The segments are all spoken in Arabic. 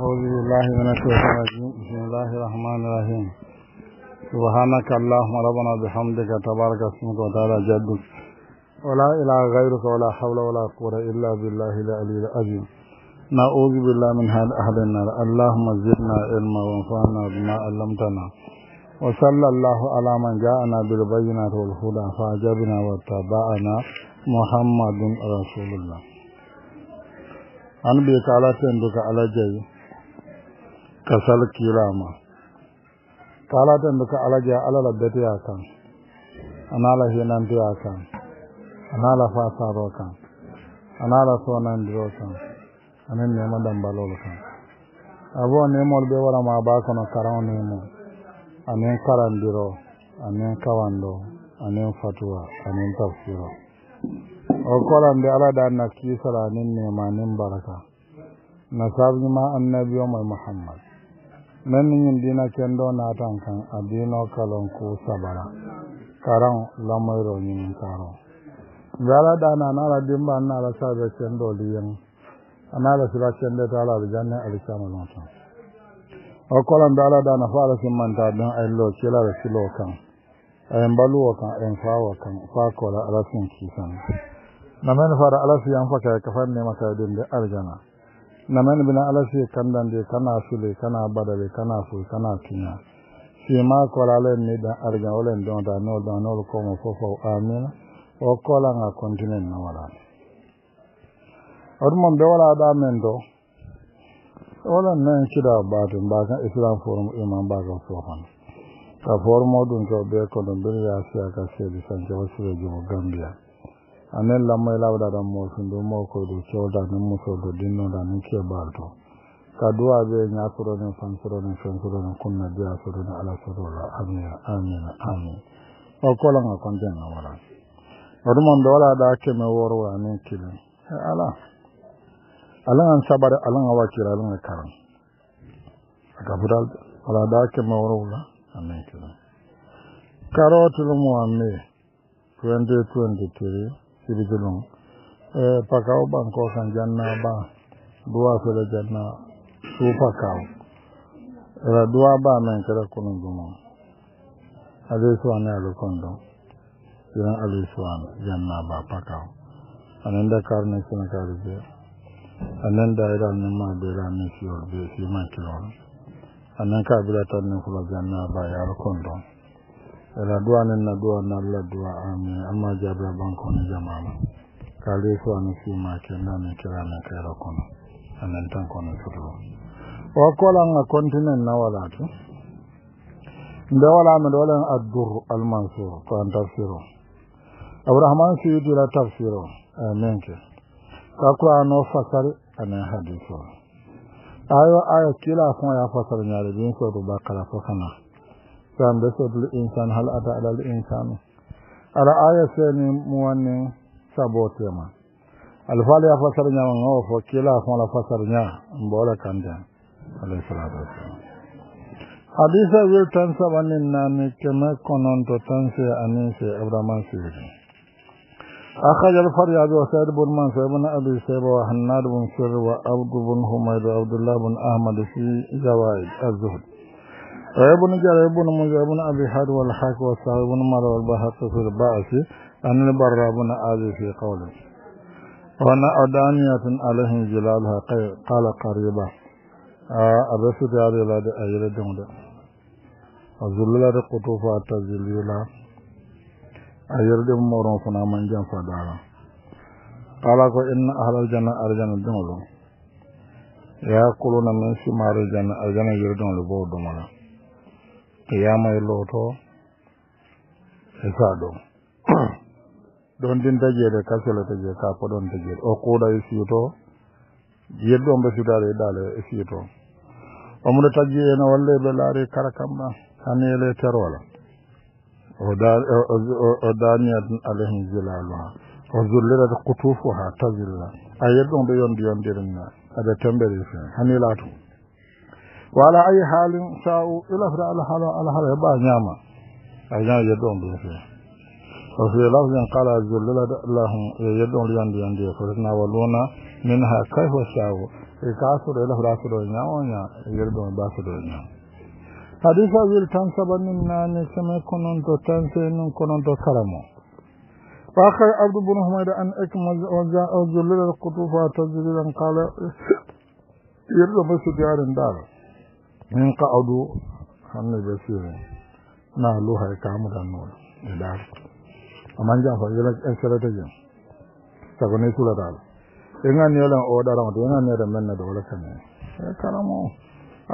أعوذ بالله من الشيطان الرجيم بسم الله الرحمن الرحيم سبحانك اللهم ربنا بحمدك تبارك اسمك وتعالى جدك ولا إله غيرك ولا حول ولا قوة إلا بالله العلي العظيم نعوذ بالله من هذا أهل النار اللهم زدنا علما وانفعنا بما علمتنا وصلى الله على من جاءنا بالبينات والهدى فأجبنا واتبعنا محمد رسول الله أنا بيتعلم kala sai duka kasal kilama kalaten da ka alaja alala bete ya kan anala hinante ya kan anala fasaro kan anala sonandiro kan anen nema dambalol kan abo nemol be warama ba kono karaw nemo anen karandiro anen kawando anen fatuwa anen tafsiro o kolande ala da na kisala anen nema anen baraka na sabima annabi o nan ni ñin dina kendo naatan kan a kalon ku sabara karan lamoyro ñinin karo gara dana nara dimba nara sabe kendo liyen anara sila kende ta ala janne alisama lonto o kolon da dana fa ala simmanta don ay lo kila da kilo kan ay mbaluwo kan ay fawo kan fa kola ala sin kisan na men fara ala siyan fa kay kafan ne maka dinde aljana na mani bina alasi kandan de kana sule kana abadale kana fu kana kinya kola kolalen ni da arga olen don da no da no ko mo fofo amina o kola nga kontinen na wala or mom be wala da men do wala nan kida batu mbaka islam forum imam baka sofan ka forum dun to be ko don be ya siya ka sedi sanje wasu jomo gambia anen lamma ila wada dan mo sun do mo ko do shoda nan mo so do dinno da nan ke balto ka duwa be nya suro ne fan suro ne fan suro ne kunna biya suro ne ala suro la amin amin amin o ko la ma kon den na wala wadu mon do wala da ke me woro wa ne kile ala ala an sabare ala an wakira ala an karam aka budal wala da ke me woro wala amin kile karotul muamme 2023 sibisilung pakaw banko kan janna ba duwa fele janna su pakaw era duwa ba men kera kunun dumo ale suwane alu kondo yana alu suwane janna ba pakaw anan da karne sina karbe anan da ira ne ma be ra ne fiyor be si ma kilon anan ka bila tan ne kula janna ba yar kondo raduwa nan na duwa na laduwa amin amma jabra banko ni jama'a kale na an fi ma kenan ne kira na kira kono anan tan kono furo wa kolan a kontinent na wala to da wala mu da wala ad-dur al-mansur ko an tafsiro abrahman suyuti la tafsiro amin eh, ke ka n'o fasal anan hadiso ayo ayo kila fon ya fasal nyaare bin so do bakala fo kana san da sotul insan hal ata ala al insan ara aya seni muwanni sabote ma al fali ya fasar nya ma ngo fo kila fo la fasar nya mbola kanja alayhi salatu wassalam hadisa wil tan sabani nani kema konon to tan tanse anise abraman sirri أخرج الفرياد وسعيد بن منصور بن أبي شيبة وحناد بن سر وعبد بن حميد وعبد الله بن أحمد في زوائد الزهد ابن جرى ابن مجر ابن أبي حاد والحاك والسعر ابن مرة والبهق في الباعث أن البراء بن عازي في قوله وأن أدانية عليهم جلالها قال قريبا أبسط هذه الأدى أجل دمدا وزلل قطوفة تزليلا أجل دم مرون فنا من جنف دارا قال إن أهل الجنة أرجان دمدا يأكلون من ثمار الجنة أرجان يردون لبود دمدا qiyamay looto e saa ɗon ɗon din tajeede kasele taje ka poɗon tajeede o kuuɗa e siito yeɗi ɗon ɓe sitaade e ɗaale e siito omoɗo taggi ene walle ɓe laari kara kamɗa hani ele terola o daniyat alayhim zilaluha o zullirat kutufuha tazilla a yeɗi yondi yondirina aɗa tembere fen ولا أي حال شاءوا إلا فرع الله على الله على بعض نعمة أجنا يدون بهم وفي لفظ قال عز وجل لهم يدون لي عندي عندي فرسنا ولونا منها كيف شاءوا إكاثر إلا فرع الله على نعمة يدون باسر نعمة حديث أول تنسبني من أن سمع كنون تنسين كنون تكرمو فأخي عبد بن حميد أن أكمل وجاء أجلل القطوفة تجريبا قال يرد مسجد يارن دار in ka ado hannu da su na loha ya kamu da nuna da da amma ji amfani da yan strategy sakonai su da dala in an yolan o da ramata yana ne da menna da wala kana ya karamo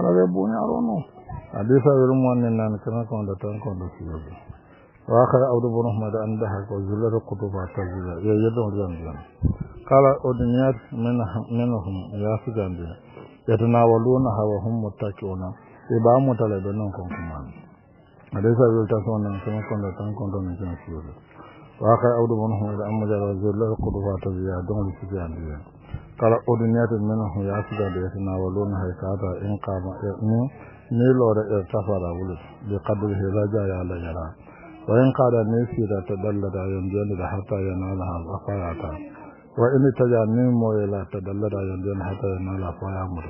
ala da bunya rono hadisa wurin wannan nan kana kon da tan kon da su yobe wa akhara abdu bin muhammad an da haka zullar kutuba ta zuwa ya yadda wannan qala udniyat minhum ya su gambiya yatanawalunaha wa hum muttaqiuna e ba mutala ɓe noon kon kumani aɗa sa weltata onan sema konda tan kontonen kena suude waka awdu mon hum ede ammadjal wa zella e kodufa tawiya dongle sifiyandiya kala oduniyate minen hum yasidade yatanawalunaha e kata in kama ni niilore e tafara wulut bi kadrihi raja ya la yara wa in kaɗa ni siida to ɗallata yon jendida hatta yanalaha afayata وإن تجنم ولا تدلل يندين حتى ينال فيا مر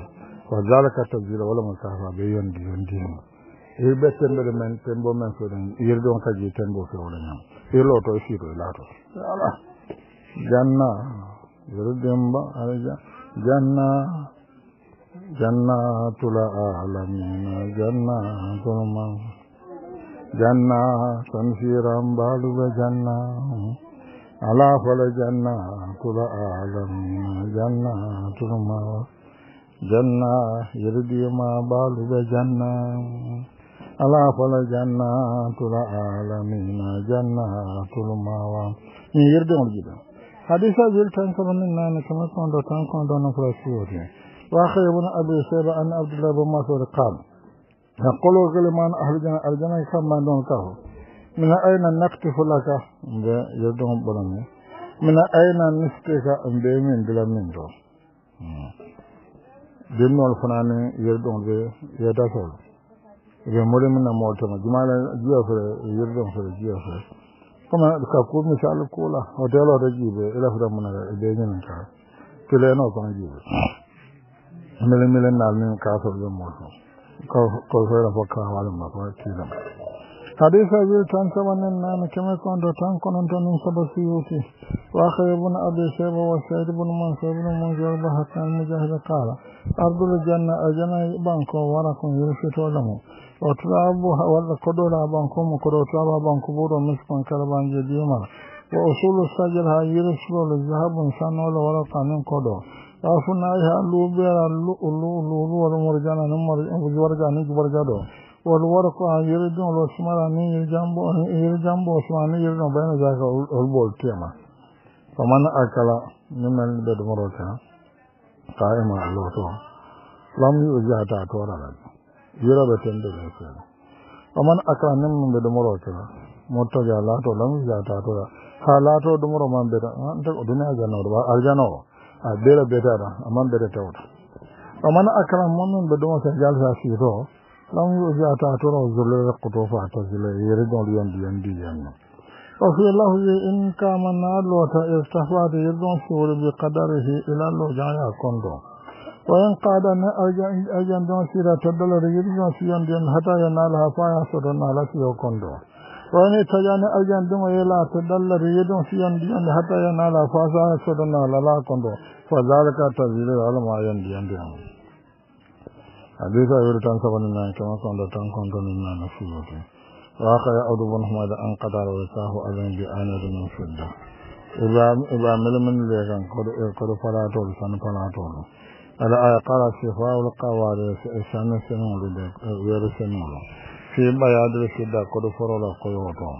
وذلك تبذير ولا مسافة بين ديون دين ibe tembere men tembo men so den yirdon kaji tembo fe wala nyam ilo to shiro ila to ala janna yirdemba alaja janna jannatul alamin jannatul man janna tanfiram balu janna على فلجنة كل أعلم جنة ترمى جنة يردي ما بال بجنة على فلجنة كل أعلمين جنة ترمى ni yirde on jiba hadisa jil tan ko min nan kama ko do tan ko do na frasiyote wa khaybun abi sayba an abdullah bin mas'ud qala yaqulu ghaliman ahli jannah al jannah kam man don kawo من أين نكتف لك يدهم برمي من أين نفتك أن بيمين بلا من دو جنو الفناني يدهم بي يدفل إذا مري من موتنا جمالا جيافر يدهم في جيافر كما كاكو مثال كولا هوتيل هوتا جيبه إلا فتا من بيمين كار كلينو كما جيبه ملي ملي نال من كافر جمعه كوفيرا فكاها والما فكيلا حديث أبي تنسب النام كما كنت تنقل أنت من سبا سيوتي وأخي ابن أبي شيبة وسعيد بن منصور بن مجر بحث المجاهد قال أرض الجنة أجمع بانكو ورق يرشد ولمو وتلعبها والقدر بانكو مكروتاب بانكو بورو مسكن كربان جديما وأصول السجل هاي يرشد للذهب سنو لورق من قدر أفنائها لوبيرا لولو لولو والمرجان نمر ورجان جبرجادو والورق عن يرد والأسمر عن يرجم وأسمان يرد بين ذاك البول كيما فمن أكل ممن بد مرتا قائما على لم يوجه تاتور على يرى بتندل ومن أكل ممن بد مرتا mottaja laato lam yata to ha laato dumoro man beta ante ko duniya janno ba aljano a bela beta da man beta tawta o man akram mumin be dumo sa jalsa siro Donc, je dis à ta tour, je le récoute au fait, je le récoute dans le yandi, yandi, yandi. وفي لفظ إن كان نادل وتأستفاد يدون شور بقدره إلى اللوجع يكون دون وإن قاد أجن دون شير تدل رجدون شير دون حتى ينالها فايا سرنا لك يكون دون وإن تجان أجن دون إلى تدل رجدون شير دون حتى ينالها فايا سرنا للا كون دون فذلك تذير علماء يندي يندي يندي أبيك يرتان سبن الله كما كنت تنكون من نفسه وآخر يعود بن حمد أن قدر وساه أذن بآنة من فدة إذا مل من ذلك قد فلاتول سن فلاتول الآية قال شفاء القوارير سن سنول غير سنول في بياد الشدة قد فرول قيوتهم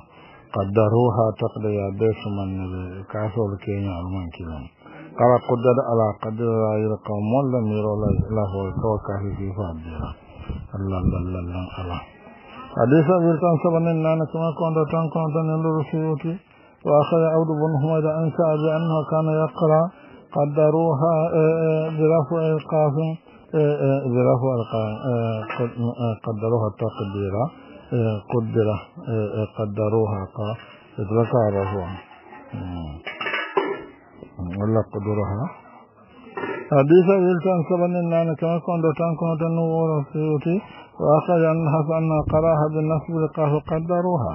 قدروها تقضي بيس من كاسول كينيا المنكرين قال قدر على قدر غير قوم لم يروا له الكوكه في فادها الله الله الله الله الله حديث أبي كان سبن النانة كما كنت تنكون تنلر سيوتي وأخذ عبد بن حميد أن سأل أنه كان يقرأ قدروها آه، آه، برفع القاف آه، برفع قدروها تقديرا قدر قدروها اتركها رفعا walla kodoro ha hadisa wiltan sabanin nane keme kondo tan kono tan no woro fewti wa akhraja an hasan qaraha bi nasb al qahwa qaddaruha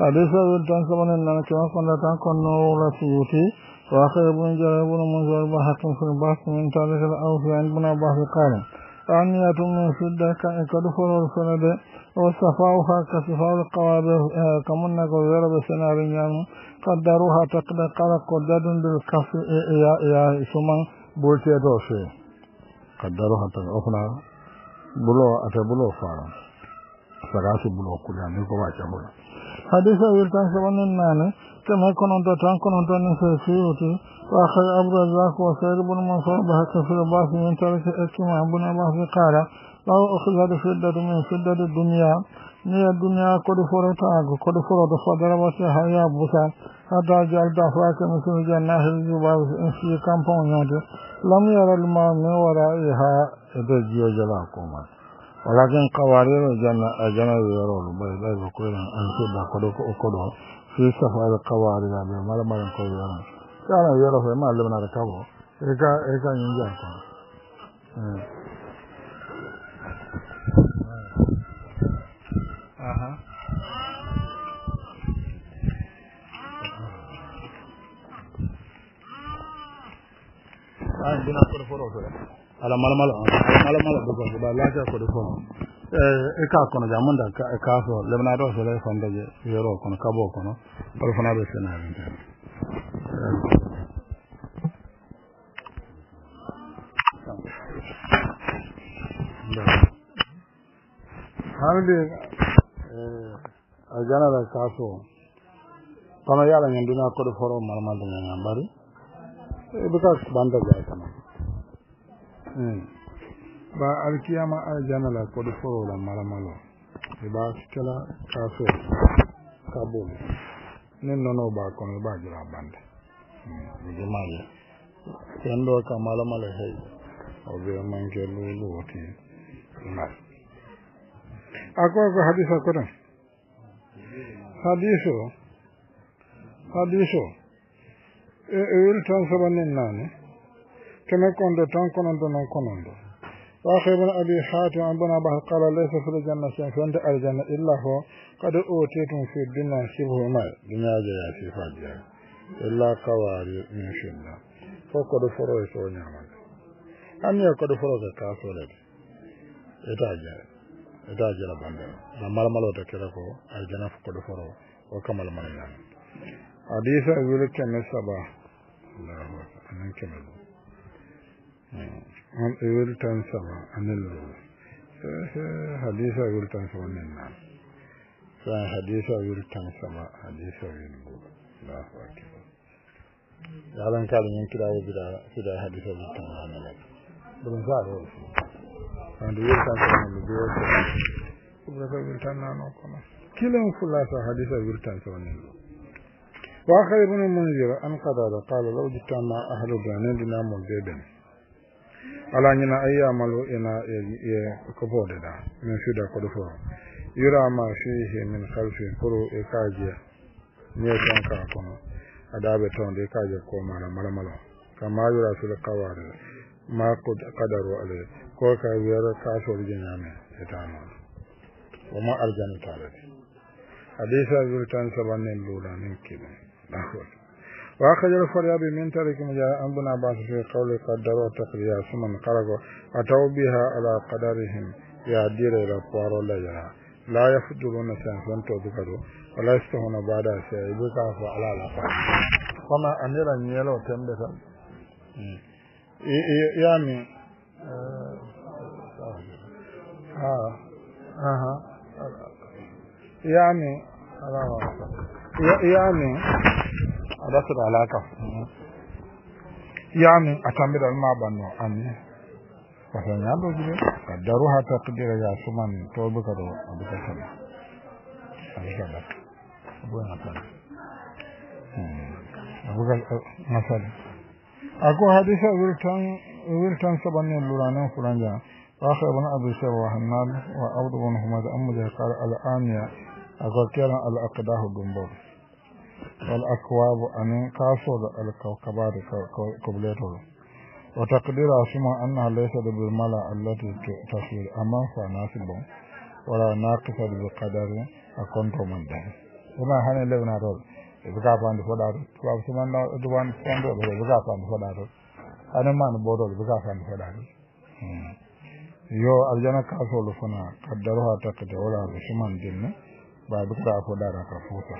hadisa wiltan sabanin nane keme kondo tan kono no woro fewti wa akhraja ibn jarir ibn munzir wa hakim fi bas min tarikh al awfi an ibn abbas qala an yatum sudda ka kadfuru sanade وصفاؤها كصفاء القواب آه، كمن قدر بسنار نعم. قدروها تقلقل قدد بالكف ثم آه، بولتي دوشي قدروها تقلقل بلو أتى بلو فارا سراسي بلو كلها نيكو واجه بلو حديث ويرتان سبن الناني كما كنت تنكنت نسيسيوتي وأخي أبو الرزاق وسيد بن منصور بحق في الباس من ترك إكما بن أباه قال law ukhizat fi min fiddati dunya ni dunya kodu foro taago kodu foro do fodara wasi haya busa hada jalda faka misu janna hilju ba fi kampon yade lam yara al ma min wara'iha da jiya jala kuma walakin qawarir janna ajana yaro bai bai ko ran an ce ba kodu kodu fi safar qawarir da malamarin ko yaro kana yaro fa ma lamna da kabo eka eka yin janka Uh-huh. Ah, bina kɔrɔ fɔlɔ kɔrɔ. Ala malamala, malamala bɛ kɔrɔ, ba lafiya kɔrɔ fɔlɔ. Ɛɛ, i k'a kɔnɔ ja mun da k'a fɔ, lɛmina dɔ sɔrɔ e fan bɛɛ jɛ yɔrɔ kɔnɔ, ka bɔ kɔnɔ, olu fana bɛ sɛnɛ a bɛ Hamidu a janara kaso kono yala ngen dina kodo foro malama dum ngam bari e, ibuka banda jay kana hmm e, ba alkiyama a janala kodo foro la malama lo e, ba skela kaso kabul nen nono ba kono ba jira bande ngi maye kendo ka malama le hay o be man ke lu lu wati nas أكو حديث أكو حديث حديث il tan sabanin nani kene kondo tan konondo non konondo واخي بن ابي حاتم عن بن ابي قال ليس في الجنه شيء فانت الجنه الا هو قد اوتيتم في الدنيا شبه ما دنيا جاء في فاجعه الا قواري من شده فقد فروي سو نعمل ان يقد فروي كاسولت اتاجه ita jira bande na malmalo ta kira ko aljana ko do foro o kamal man nan hadisa wuri kemme saba Allahu akbar nan kemme an wuri tan saba anan lo hadisa wuri tan saba nan nan sa hadisa wuri tan saba hadisa wuri go Allahu akbar yalan kalin kira wuri da hadisa wuri tan nan nan sa do wanda yau ta sa wani da yau ko ba ta wirta na no kuma kilan kula sa hadisa wirta ta wani wa khay ibn munzir an qada da qala law jitta ma ahlu banan dina mun beben ala nyina ayya malu ina e ko boda da min shi da ko do yura ma fihi min khalfi kuru e kaje ne tan ka kuma adabe ton de kaje ko mala mala mala kama yura fil qawari ma qadaru alayhi ko ka wiyara kaasoru je ñaame e tanoɗo o ma arjana talati hadisa wil tan sabannen luula nin kiɗum d'accord وأخرج الفريابي من ترك مجاهد عن ابن عباس في قوله قدروا تقديرا ثم قرأوا أتوا بها على قدرهم يا دير إلى قوار لا لا يفضلون شيئا فانتوا بكروا ولا يستهون بعد شيء بكافوا على الأقل وما أمير نيلو تنبسا يعني آه آه يعني يعني لا تدع علاقة يعني أتمر المعبن عني وحين يدو جدي قدروها تقدير يا سمان توبك رو أبوك سمان أبوك لك أبوك مثلا اكو حديث ويرتان ويرتان سبن لورانا فرانجا اخر بن ابي شر وحماد وعبد بن حماد امجه قال الانيا اذكر الاقداه دمبور والاكواب ان كاسو الكوكبات كوبليتو وتقدير اسمع انها ليست بالملا التي تصير اما فناسب ولا ناقصه بقدر اكون من ده وما هنا لنا رول buga fande hoɗaɗo tubabu sumanna duwan fondoɓe ɗo buga fande hoɗaɗo anemani ɓoɗoɗo buga fande hoɗaɗo yo aljana kasolo fana kaddaro ha takkete wolaɗo suman dinne ba dukɗa hoɗaɗa ka fuuta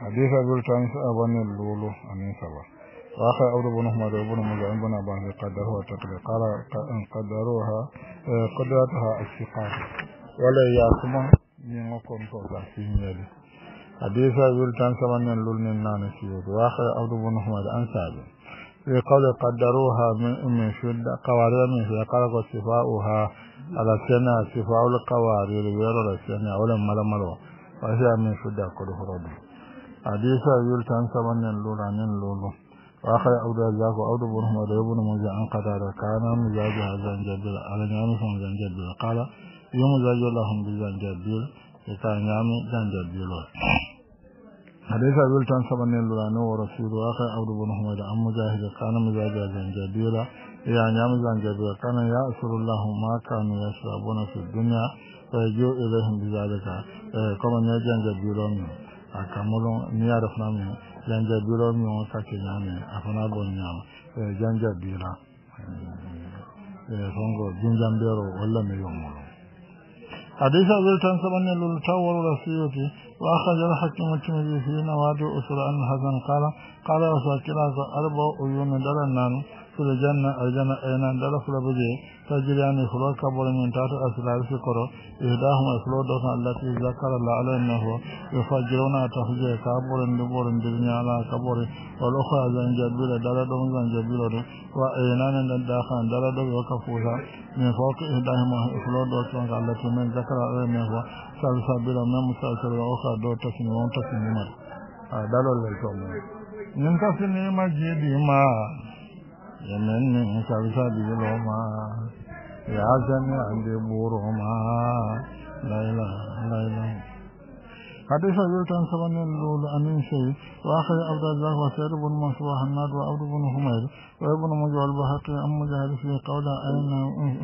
hadisa biltan abani lulu amin saba وآخر أول بن أحمد وابن مجاهد بن عباس قدروها تقدير قال قدروها قدرتها الثقات ولا يعصمها من وكم توسع في مياله حديث ولتان سمن لولن نان سيوت واخر عبد بن محمد انسابي في قول قدروها من أم شدة قوارير من شدة قال صفاؤها على سنة صفاء القوارير غير السنة ولا ملا ملا وهي من شدة قد خرج حديث ولتان سمن لولن لولن وآخر عبد الرزاق وعبد بن محمد وابن مزع عن قدر كان مزاجها زنجبيل على نعمة زنجبيل قال يمزج لهم بزنجبيل ita ñaami janjal biilol حديث أبي التان سبن اللولانو ورسول آخر عبد بن حميد عن مجاهد كان مجاهد زنجبيلا يعني عم زنجبيلا كان يأسر الله ما كانوا يشربون في الدنيا فيجيء إليهم بذلك كما نجنجبيلا منه akamulon ni ya rafna min janjabila min wa kake nyame afana bon nyama janjabila songo jinjambero wala me yomulo حديث أبي تنسبن للتور والسيوتي وأخرج الحكم الترمذي في نوادي أسر عن قال قال وساكرات أربع عيون دلنان الجنة الجنة أين دل فلا بجي تجري عن إخلاق قبل من تحت أسلال في قرى إهداهما إخلاق دوسا التي ذكر الله على أنه يفجرون تفجير كابور دبور دبني على كابور والأخرى زنجبيل دل دون زنجبيل وأينان الداخل دل دون وكفوها من فوق إهداهما إخلاق دوسا التي من ذكر على أنه سلسبيل من مسلسل وأخرى دوسا تسنون تسنون دلول للتومن من تسنون مجيدهما يمن كالكبيرهما يا جميع دبورهما لا إله لا إله حديث أبي سبن اللول أمين شيء وآخر عبد الله وسير بن منصور وحناد وعبد بن حمير وابن مجوى البهقي أم مجاهد في قول أين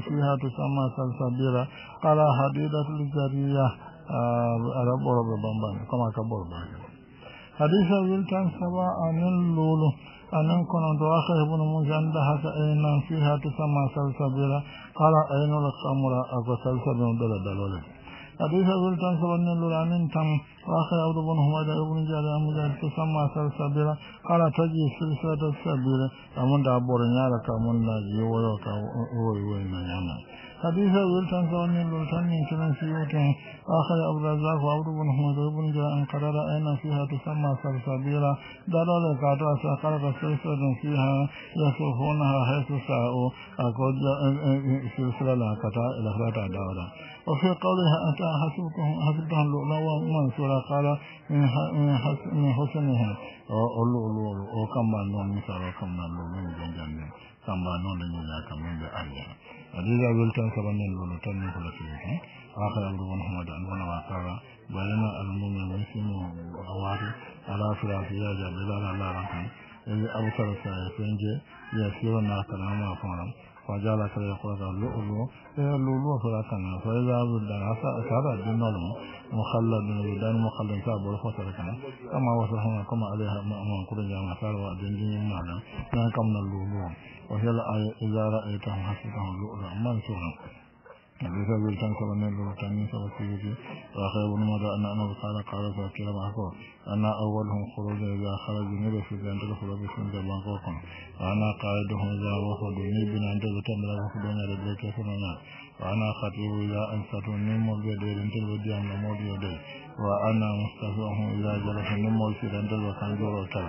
فيها تسمى سلسبيرة قال حديدة الجرية أرب رب بمبان كما كبر باقي حديث أبي سبن اللول أنن كن دعاء ابن مجند حتى أين فيها تسمى سلسبيلا قال أين الخمرة أكو سلسبيلا دل دلولة حديث أبو التنسب أن اللعان تم وآخر عبد بن حميد ابن جاري مجاهد تسمى سلسبيلا قال تجي سلسلة السبيل أمن دعبور نيارك أمن ناجي ويوك ويوين نيانا حديث أول تنفعل من بلسان من كلام سيوتهم آخر أبو الرزاق وعبد بن حمد بن جاء قرر أين فيها تسمى سلسبيلا دلال قاطع سقرة سلسل فيها يصرفونها حيث ساءوا أقول سلسلة لا قطع إلى خلاطة وفي قولها أتى حسبتهم حسبتهم لؤلؤا ومنصورا قال من حسنها اللؤلؤ وكم بانون مثال وكم بانون جنجان كم بانون لنا كم من بأرجها wadida wil tan sabanin lolo tan ni kula fiye akhar abdul muhammad an wana wa qara bayana al mumin wa sinu awari ala firafi ya jabila ala ran kan abu sarasa ya fenje ya siwa na kalama faram وجعل كريقوة اللؤلؤ اللؤلؤ فلكنا فإذا بدل هذا الدين لهم مخلد بدان مخلد كاب وفتركنا كما وصلنا كما عليها مأمون كل جامعة وأدين دين معنا ما كمنا اللؤلؤ وهي الآية إذا رأيتهم حسبتهم اللؤلؤ منصورا حديث أبي الكنسة بن البرتاني سبكيه وأخي بن مدى أن أنه قال قال فأكيد معكو أن أولهم خروجا إذا خرج نبي في ذنب الخروج بسم الله بانكوكم وأنا قائدهم إذا وفد نبي عند ذكام لا وفد نبي كيف منا وأنا خطيب إذا أنفت نمو بيدي لنتل بديان نمود يدي وأنا مستفعهم إذا جلس نمو في لنتل وكان جوروتا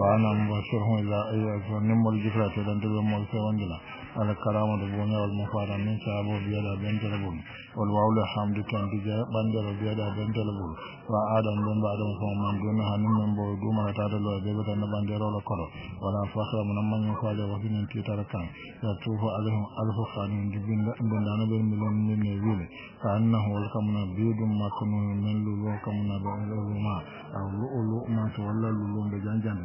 وأنا مبشرهم إذا أيضا نمو الجفرة لنتل ومو في وندلا على الكرامة بونا والمفارة من سابو بيدا بنت لبون والوعول حمد كان تجا بندر بيدا بنت لبون وآدم بن بعدم فهم من دونها نمم بو دوما لتعدل وزيبة نبندر ولكرو ولا فخر من من يقال وفين تيتر كان يطوف عليهم ألف خانين دبين دان بن ملون من نبيل فأنه الكمنا بيد مكنون من لولو كمنا بأولو ما أو لؤلؤ ما تولى لولو بجان جان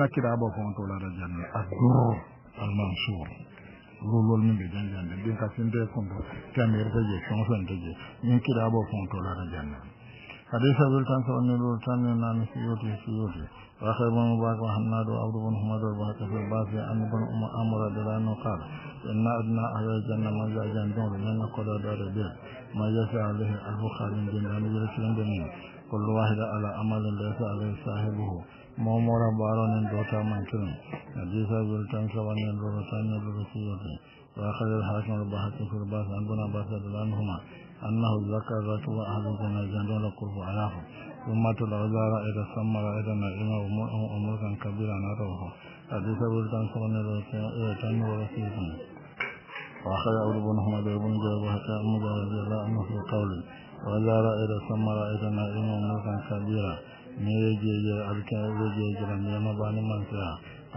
نكرا بفون تولى رجان الدر المنصور lu lu ni bi dan dan din ka sin de kon do tamir ba je son son de je ni ki da bo fon to la dan حديث أبي الكنس أن الولتان نام سيوتي سيوتي وآخر بن مبارك وحماد وعبد بن حماد والبهك في الباس عن بن أم أمر دلانه قال إن أدنى أهل الجنة من جاء جندون لأن قد دار بيت ما يسعى عليه البخاري من جنة من كل واحد على أمل ليس عليه صاحبه مومورا بارون ان دوتا مانتن ابيسا بلتان سوان ان رو رتان ان رو سوات واخذ الحاكم البحث في الباس ان بنا باس ادلانهما انه ذكر رتو اهل جنة جندول قرب علاه ثم تلغزا رائد السمى رائد نعيمة ومرقا كبيرا نروه ابيسا بلتان سوان ان رو رتان ان رو سوات واخذ اول بنهما بيبن جواب حتى امجا رضي الله عنه في قوله وإذا رأيت ثم رأيت نائما ملكا كبيرا ne ye jeje alkene be jejirandema bani mansira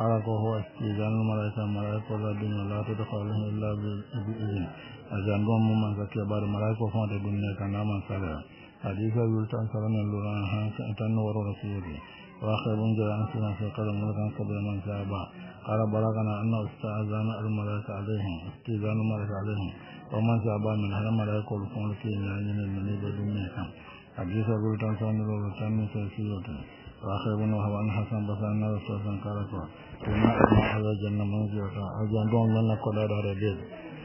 ala ko huwa istijanu malaika malaika la dunya la tudkhaluhu illa biizn ajango mu mansa kebaru malaika fonte dunne kana mansara hadisa yultan sarana luran han tan waro rasuli wa khabun jara an sunan fi qadam mulkan sabra man saba qala balagana anna ustazana al malaika alaihim istijanu malaika alaihim wa man saba min hal malaika al fonte nani ne ne be dunne kana حديث أبو تنسان وتنمي سيسيوت وآخر بن وهب عن حسن بسان رسولا قالت ثم إن هذا جنة منزلة أجان دون لنا قدر ربيد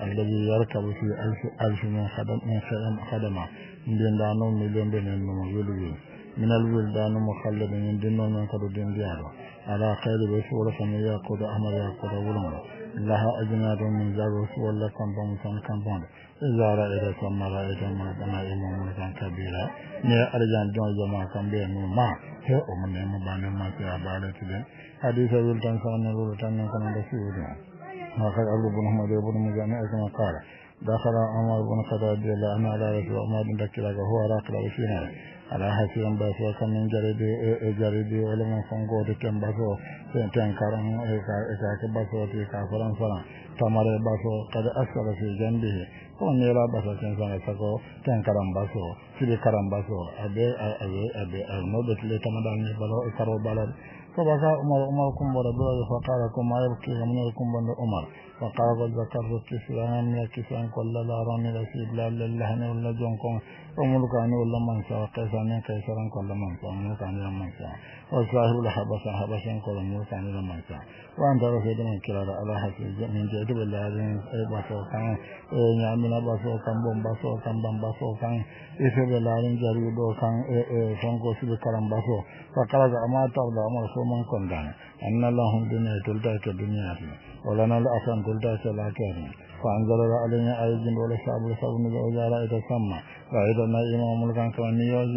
الذي يركب في ألف ألف من خدم من خدم خدمة من دين دانو مليون بين المغلوبين من دانو مخلد من دين دينو من قدر دين ديارو على خير بسورة قد يأخذ يا قد ولونه لها أجناد من ذا رسول الله كم بمسان كم بمسان إذا رأيت ثم رأيت من سماء مملكا كبيرا ne arjan jon jama kan be mu ma he o mun ne mu ba ne ma ti abare ti de hadisa wil tan sa ne rul tan ne kan da si wudu ma khay abu bin muhammad ibn mujani asma qala dakhala umar bin khattab radiyallahu anhu ala rasul umar bin dakila ko huwa raqla bi sinai ala hakiyan ba fiya kamin jarabe jarabe wala man fango de ken baso ten ten karan e ka e ka ke baso te ka faran faran tamare baso kada asara fi jambi ko ne la baso ten san ka ko ten karan baso fi de karan baso abe abe abe no de le tamada ni balo e karo balal ko baka umar umar kum bora do fa kala ko ma yabki gamne kum bando umar وقرب البكر الكسوان من الكسوان كل دارون إلى سيبلا للهن ولا جنكم وملكان ولا منسى وقيسان كيسرا كل من منسى وملكان ولا منسى وصاحب الحبس حبسا كل ملكان ولا منسى وأنت رسيد من كرار على حسيز من جيد بالله بسوكان نعمنا بسوكان بم بسوكان بم بسوكان إسر بالله جريد وكان فنكو سبكرم بسو فقرد ما ترضى أمر سوما كندان أن لهم دنيا تلتاك دنيا ولنا الأسان قلت أسأل كريم فأنزل علينا أيضا ولا شعب لصاب نزعو إذا سمع وأيضا ما إمام ملكان كما نيوز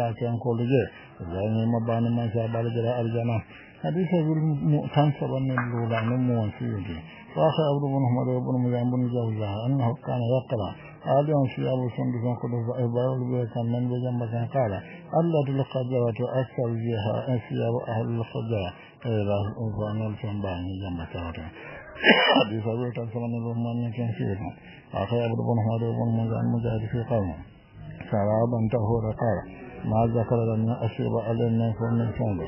لكن كل جي إذن مبان ما شعب لجراء الجنة حديث ذو المؤتنصب من الأولى نمو وانسيوتي وآخر أبو بن حمد وابن مجان بن جوزها أنه كان يقرأ آليان في أبو سندس كل فإبايو لبيك من بجنبك قال الله القدرة أكثر جهة في أهل القدرة إلى الجنبان الفنبان جنبك حديث أبي تسلم الرحمن كثيرا أخي أبو بن حمد بن مجان مجاهد في قومه شرابا تهور قال ما ذكر لم يأشر علينا فمن كان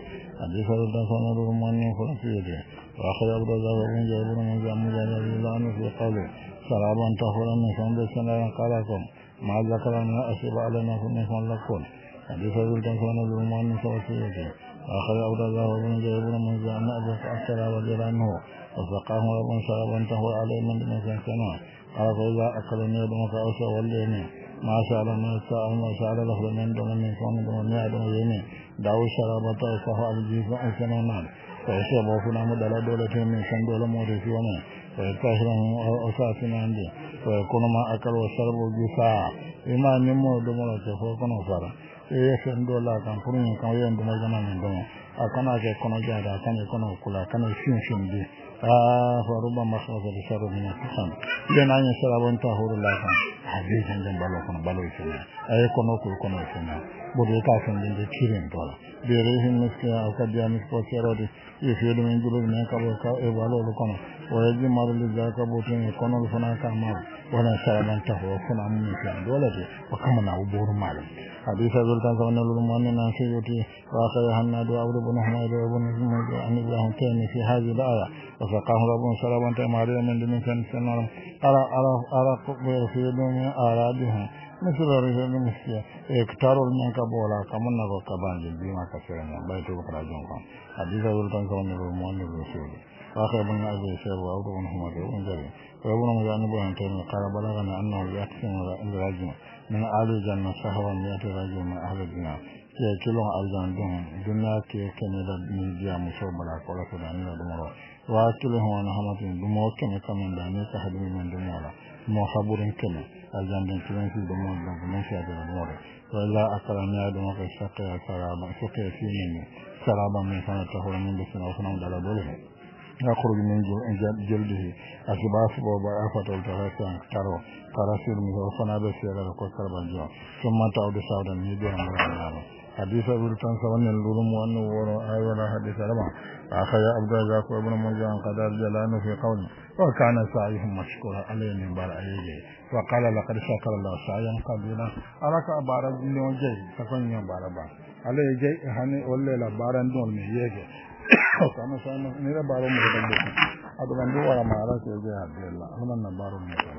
حديث ابو الدفن الرمان فلسيته وأخي أبو ذر بن جابر من جامع جلال الله في قوله شرابا طهورا من فند لا ينقلكم ما ذكر من أشرب على نفس من لكم حديث ذو الجنسون الظلمان من سوسيته وأخذ عبد الله بن جرير من مزع أن أبي فأكثر رضي عنه وسقاه رب شرابا طهورا عليه من دون سنة قال فإذا أكلني من يدهم فأوسع واليمين ما شاء من الساعة ما شاء له من دون من صوم دون من يعد اليمين دعوا الشراب طيفه الجيف أنسنا نعم فأشربوا فنام دل دولة من سندول مورث ومن ويطهر وساتنا عندي ويكون ما أكل وشرب جساء إما نمو دمو فوقنا فارا يسن إيه دولا كان فرين كان يندم جنا من دمو أكنا كي كنا جادا كان يكون كلا كان يشين شين دي waruma masaza bi sharri min al-fitan idan an yi sara wani tahuru lafa hadisin din balo kono balo ikina ayi kono ko kono ikina bodo ka san din de kirin dola de rehin miske aka biya mis po serodi ye fedo min juro ne ka bo ka e balo lo kono o yaji maru li zaka bo tin kono fana ka ma wannan salamanta ho kuna mun islam dole ce wa kuma na uburu malam hadisa zulkan sa wannan lulun wannan nan sai yati wa sai hanna da abu ibn ahmad da ibn muhammad da an ibrahim kan fi hadhihi al-aya wa faqahu rabbu salamanta ma da min dinin kan sanan ara ara ara ko be fi dunya arabiha مثل الرجال المسيا اكتاروا من كبولا كمن نغو كبان جنبيما كسرنا بيتو بكراجون حديث أول تنكرون الرموان الرسول آخر من أبي سير وأبو أنهم أبي أنجري ويبنى مجانبه عن تيمية قال بلغنا أنه يأتي من رجل في أهل الجنة سهوا يأتي رجل من أهل الجنة كي يكلون أهل الجنة دون دنيا كي يكني من في مصوبة لأقول لك دانيلا دمرو وأكلهم أن هم تين دمو كمي كمين دانيلا كهدمي من دنيا لا مخابر كمي الجنة كمين في دمو دمو كمين في في دمرو وإلا أكل أن يأدمو كي شقيا سرابا شقيا في في في في في في مني سرابا من سنة تخول من بسنة وخنام دلدوله يخرج من جلده أجباس بابا أفت التهسان كارو كرسير مزو فنادو سيغل كوكر بانجو ثم تعود سعودا نيجي أمرا حديث أبي سواني اللولم وأنه ورو آيولا حديث ربا أخي عبد الرزاق ابن مجا عن قدر جلانه في قوله وكان سعيهم مشكورا عليه من بار أيجي وقال لقد شكر الله سعيا قبيلا أراك أبارا جلي وجي تكون يوم باربا عليه جي هني أولي لا دون يجي samu sanu ni da baro mu da dai adu ban duwa ra mara ke je ha dai la kuma na baro mu da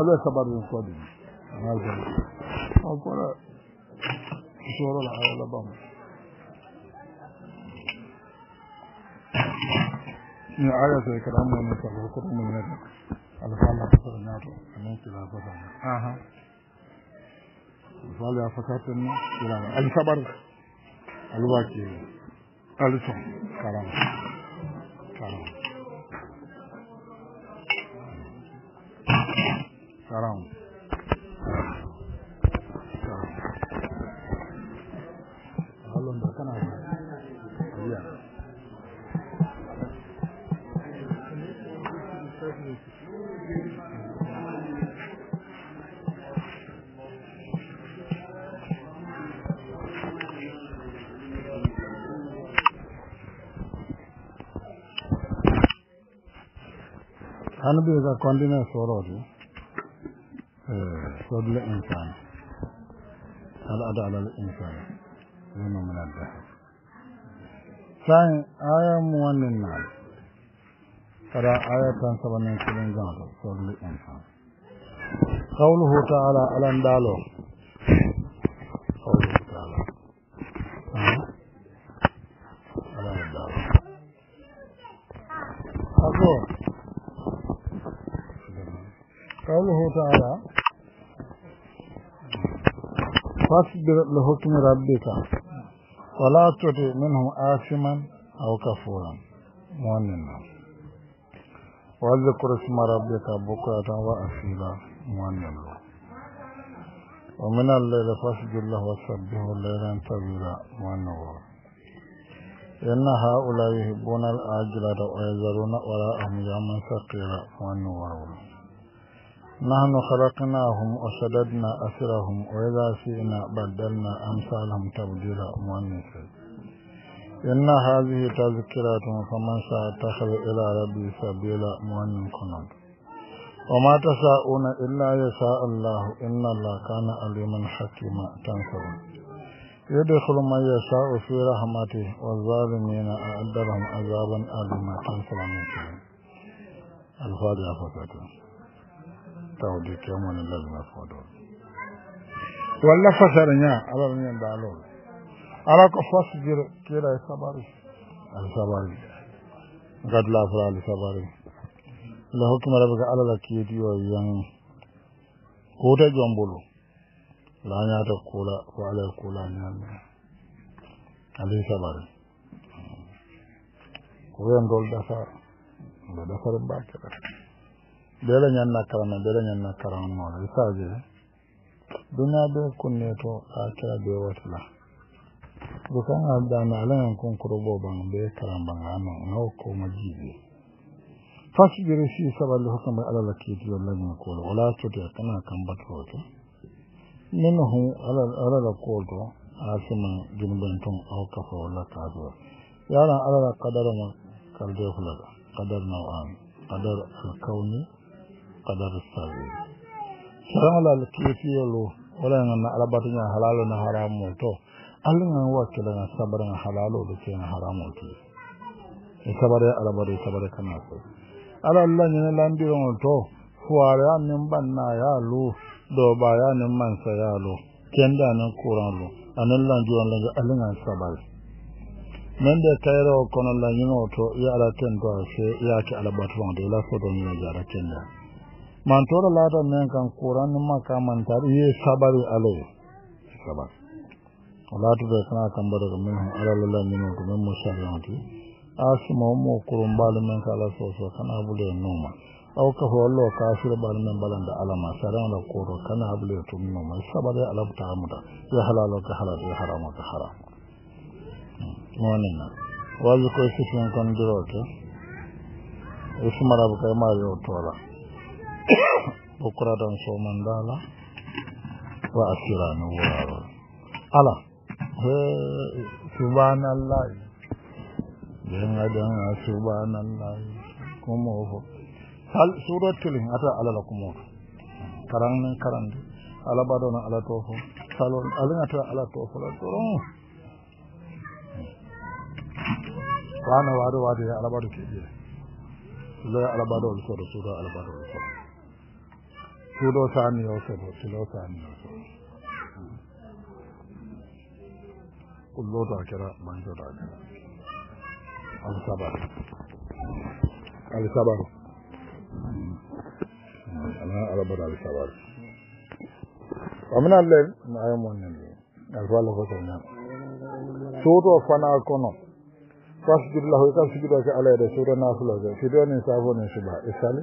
Allah sabar din ko din hada akora sura la hawla bam ni aya sai karamu ne ta ko kuma ne alfala ta na to anan kira ba da aha alfala ya fakatin ni kira alsabar alwaki Alison, caramba. Caramba. Caramba. Caramba. Caramba. Caramba. Hanabi is a continuous word. صد الإنسان الأداء على الإنسان لأنه من الدهر ثاني آية موان النار ترى آية تنسب أن يكون صد الإنسان قوله تعالى ألم دالو تعالى فاصبر لحكم ربك ولا تطع منهم آثما أو كفورا مؤمنا واذكر اسم ربك بكرة وأصيلا مؤمنا ومن الليل فاسجد له وسبحه ليلا طويلا والنور إن هؤلاء يحبون الآجلة ويذرون وراءهم يوما ثقيلا والنور نحن خلقناهم وشددنا أسرهم وإذا شئنا بدلنا أمثالهم تبديلا مؤنسا إن هذه تذكرة فمن شاء اتخذ إلى ربي سبيلا مؤنسا وما تشاءون إلا يشاء الله إن الله كان عليما حكيما تنصرون يدخل من يشاء في رحمته والظالمين أعد لهم عذابا أليما تنصرا من الفاتحة tawde ten woni lalma foɗol walla fasara ña alal ñen mbalol ala ko fasdir kiira e sabari al sabari gad lafra ali sabari la hokkima raɓe ko alala keedi o yan kuuta jombulu lañata kuula ko ala kuula ñamme ali sabari ko wendol dasa mbe dasare mbakeɗata bela ñanna karama bela ñanna karama moola i saaje duniya be kunne to a kira be wotula bukan a dana alayan kunkuru boban be karamba nga no na ko majibi fasbiri fi sabal hukm ala lakiti wallahi yaqulu wala tuti kana kan batoto minhu ala ala lakoto asima junubin tun au kafa wala kazo yaran ala qadara ma kalde hulaka qadar naw'an qadar al-kawni qadar sawi sarangala la kiyalo wala ngana alabatu nya halalo na haramu to alin wa kila na sabarin halalo da ke na haramu to in sabare alabare sabare kana so ala Allah ne lambiron to fuware amin na ya lu do bayanin man sa ya lu kenda nan kuran lo anan lan juwan lan alin an sabar nan da tayro kono lan yin to ya ala tento sai ya ki alabatu wanda la so don ya jara kenda mantora lata men kan kuran maka mantar ye sabari alay sabar latu be kana kan bada ko men ala la min ko men musharati asmo mo kurum bal men kala so so kana bule noma aw ka hollo kafir bal men balanda alama saran la koro kana bule tum noma sabari alam ta amuda ya halalo ka halal ya haramo ka haram wonina wazi ko sifin kan dirote ismara bu kay mari o tola بكرة صومان دالا وأخيرا نوار ألا سبحان الله جنة سبحان الله كموه هل سورة كلمة أتى على لكموه كران كران على بدون على توفو salon alinata ala tofola toron wana wado wado ya alabado ke biya la alabado al sura sura alabado al sura သူတော်စာမျိုးဆိုတော့သူတော်စာမျိုးဆိုကုလောတာကျရမန်တော်တာအလ်ဆဘာအလ်ဆဘာအလာအလဘဒလ်ဆဘာအမနာလေနာယမန်နေအလ်ဝါလဟုတ်နာသို့တော်ဖနာကောနော فاسجد له يقال سجد لك على يد سورة نافلة في دون إنصاف ونشبه إسالي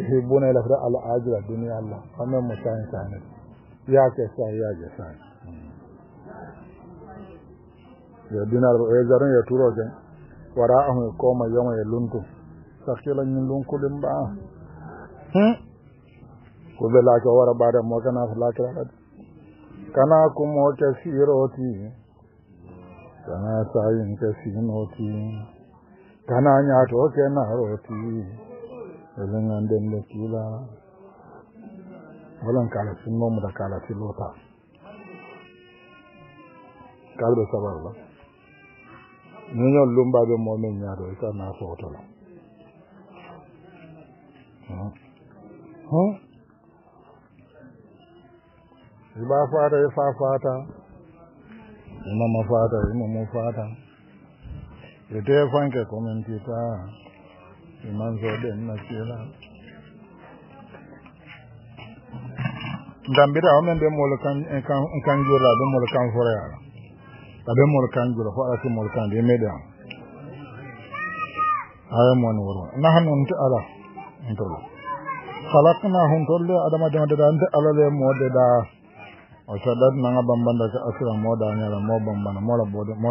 yuhibbuna lahu al-ajra dunya Allah wannan mutane sane ya kai sai ya ga sai ya dinar ba ya zaran ya turo ga wara'ahu koma yawma ya luntu sakilan yin lun kudin ba hmm ko bela ka wara ba da mo kana salakira kana kuma kasiroti kana sayin kasinoti kana nyato kenaroti elen ŋa nden be kiila walan ka ala sinno muta ka ala sillota kaal be sabar la ñoñol lumba be moo men ñaato i ka naa sooto la i baa faata i faa faata i mama faata i mumu faata ite fanke commentita imanzo deni nasiyelana gambira o men ɓe eh, molo kan jurla ɓe molo kan forayala aɓe molo kan jura fo arati molo kan de meɗe an awe moni worma ala adama mode ka asira mo bode mo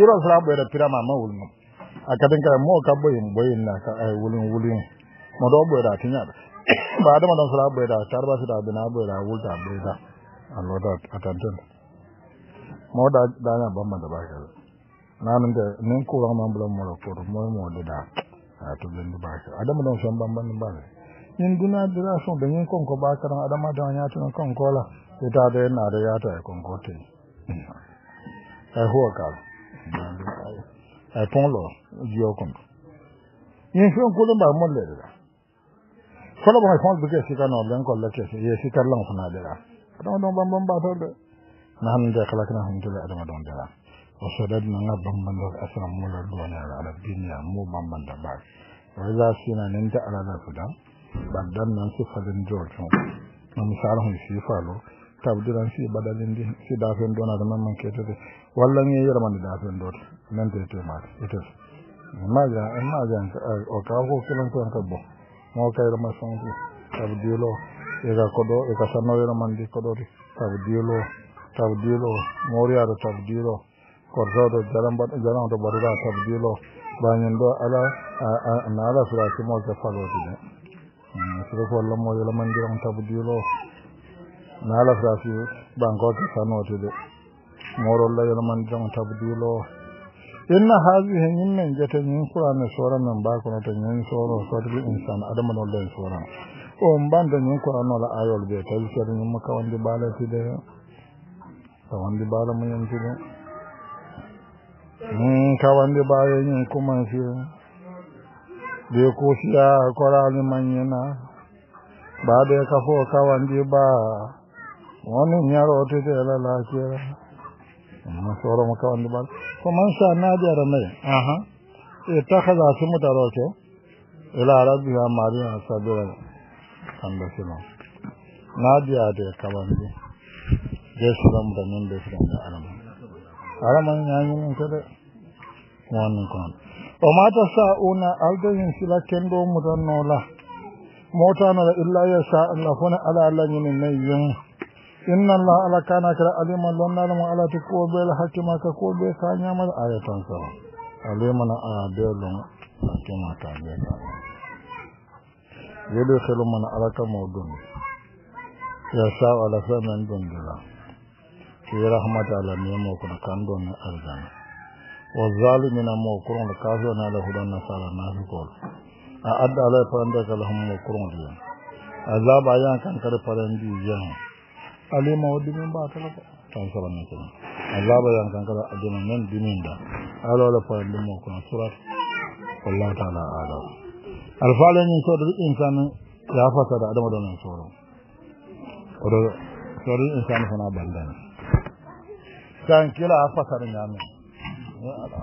yɔrɔ fila bɛrɛ pira ma a ma wuli ma a ka ka ka bɔ yen na ka a ye wuli wuli ma dɔw bɔ yen a ti ɲa a a bɛ n'a bɔ da a ta da da y'a ba ma daba n'a tɛ ni da a tobilen de b'a kɛ adamaden fɛn b'a dira sɔn bɛ kɔnkɔ b'a y'a tɛmɛ kɔnkɔ la i t'a e n'a y'a ta ye kɔnkɔ tɛ 哎，中了就要工作。因为古人把么来的了，后来把房子给谁干了，两个来给谁，也是干冷风来的了。当当当当把他的，那他们在后来跟他们就来这么东的了。وسددنا نظم من ذلك أسرى مولا دون على الدنيا مو بمن دبار وإذا سينا ننتع على ذلك بدلنا صفة جورتهم ومسارهم في فالو تبدلا walla mi yeramande da fen doote nante e temade etes maja en majan o ka ko kelon kon ka bo mo kayrama santi sabu diolo ega koɗo eka sannoyeramandi koɗote sabu diolo sabu diolo moriyade sabu diolo koto tawde jaranto baɗuɗa sabu diolo bañen ɗo ala na ala suraki moke falotide soro ko walla mo yelamandiran sabu diolo na ala suraki ɓankoke sanotide moɗon layyono man jaam tabdulo inna haaju he ñin men jete ñin qurane soora men mbakono to ñin sooro sotgi insane adama no len sooran o mbanda ñin qouranola ayol ɓe tawi ceeto ñimma kawandi baala tide kawandi baala muñen tide hmm, kawandi baale ñin commencer ɓe kuusiya korali mañina mbaɓe ka fo kawandi ba woni ñarotitelalakera amma sauran maka wanda ba ko man sha na da mai aha eh, ta kaza su mu taro ke ila rabbiya mariya sabira kan da shi na biya da kaman ne je su ran da nan da shi da alama alama ne an yi mun kada wannan kan o mata sa'una aldayin sila kendo mu mutan nola mota na illa ya sha Allah kuna ala Allah ne mai yin إن الله على كان كلا أليما لنا لما على تقول به الحق ما تقول به كان يمر آية تنسوا أليما لنا آية لما الحق ما كان يمر يدو خلو من على كم ودون يسعى على فمن دون دلا في رحمة على نيمو كنا كان دون أرجانا والظالمين موكرون لكافيون على هدان نصار الناس كول أعد على فرندك لهم موكرون لهم أذاب آيان كان كرفرندي جهن alima o dimin batala ko tan sabanan ko alaba yan kan kala aduna men dimin da ala la fa limo ko surat wallahu ta'ala ala alfalan ni so da insan ya fata da adama don soro odo soro insan fana bandan kan kila afata da nyame ya ala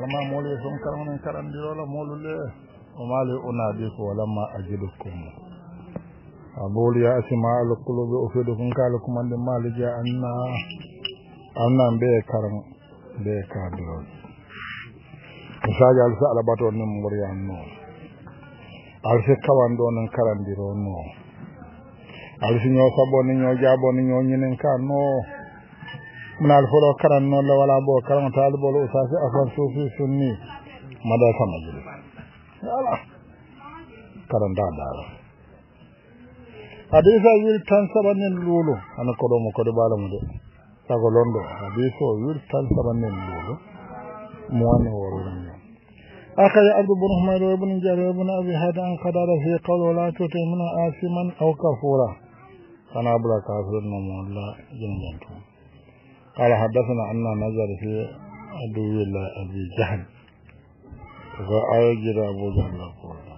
alama mole son karmanin karandirola molule o mali unadiku walamma ajidukum abol ya asima alokolo ɓe o feɗo kon kala kumande maaloji anna anna mbe karan mbe kadirol sadi alsa alaɓato nen moriyan no alsa kawan ɗo nen karandiro no alsa ño saɓone ño jaɓone ño ñinen ka no mina al folo karan no la wala bo karan taalibol usasi afan suufi sunni madasa majilisa ala karan da daro hadisa wiri tan sabanen lulu ana ko ɗomo kode balamu de sago londo hadisa o wiri tan sabanen lulu mo wanno worwurnio أخي عبد بن حمير وابن جرير وابن أبي حاد أن قدر في قول ولا تطيع من آثما أو كفورا كان أبلا كافر نوم ولا قال حدثنا أن نزل في عدو الله أبي جهل فأيجر أبو جهل أقول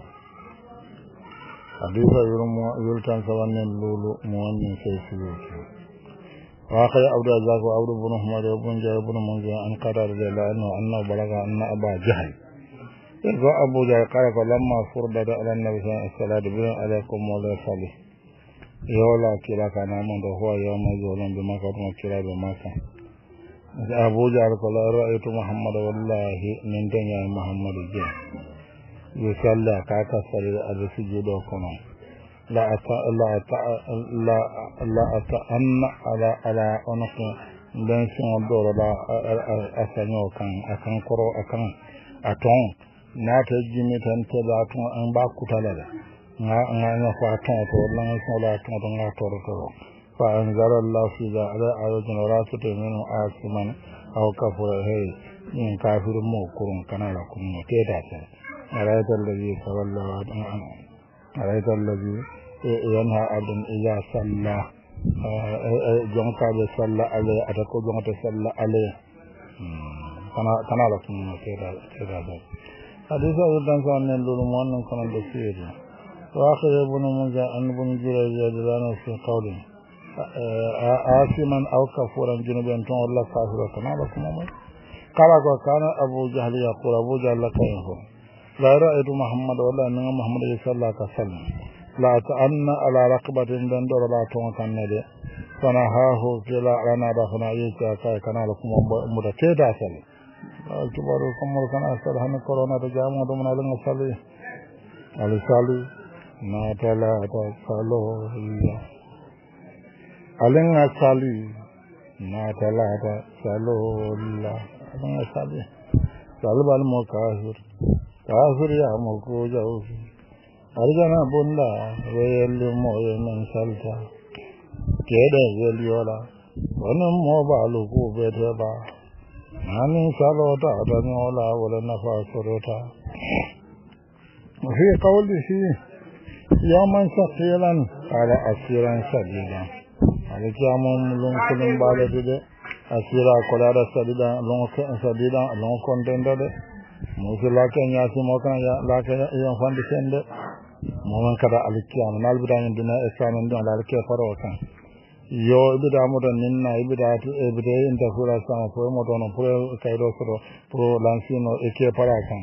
حديث يلتان سوان اللولو مواني سيسيوكي وآخر عبد الرزاق وعبد بن حمد وابن جاي بن منزع عن قرار رضي الله عنه أنه بلغ أن أبا جهل إذ أبو جهل قال فلما فرد على النبي صلى الله عليه وسلم الصلاة عليكم ولا صلي يولا كلا كان من هو يوم يولون بما كتم كلا بما كان أبو جهل قال رأيت محمد والله من دنيا محمد جهل يصلي عكعكة سجودكما لا أت لا أت لا لا أتأمن على على أنك لن سنضرب أسنوكا أكن كرو أكن أتون ناتجي متن تبعتون أن باكتللا فأنزل الله في ذلك على جنرات من آسمان أو كفر هي من كافر موكر كان لكم تيدا أرأيت الذي تولى أرأيت الذي ينهى عبدا إذا صلى جونكا بصلى عليه أتكو جونكا صلى عليه kana da kuma kira da hadisa wutan sanin lulun wannan kana da sirri wa akhir ibn munja an ibn jurayj radhiyallahu anhu fi qawli asiman aw kafuran junuban tun Allah kafira kana da kuma mai kala ko kana abu jahl ya qura abu jahl la kayyuhu لا رأيت محمد ولا أن محمد صلى الله عليه وسلم لا تأن على رقبة من دور لا تونكن دي فنهاه كلا لنا دخنا يجي أكاي كان لكم متكيدا سل كباركم مركن أسر هم كورونا تجامع دمنا لنا سلي على سلي ناتلا تسلو علينا سلي ناتلا تسلو الله علينا سلي سلبال مكاهر kaafiri amukuja ufi arigana bunda weyellu moye men salta keɗe welyola wonin mobalu kuɓeteba nanin salota atañola wala nafa sorota fi qawlihi yawman sakilan ala asiran sadida ala kiyamon lunkulin balade de asira kolada sadida lon sadida lon kontenda de mosi laken yaasi mo kan laake yon fande sen de momon kada alkiyama nalbidamin duna esamen ɗum ala alke faro o kan yo ibida moɗon ninna ibida ibide intafura sama pour moɗono pour kayɗo soɗo pour lansino eke para kan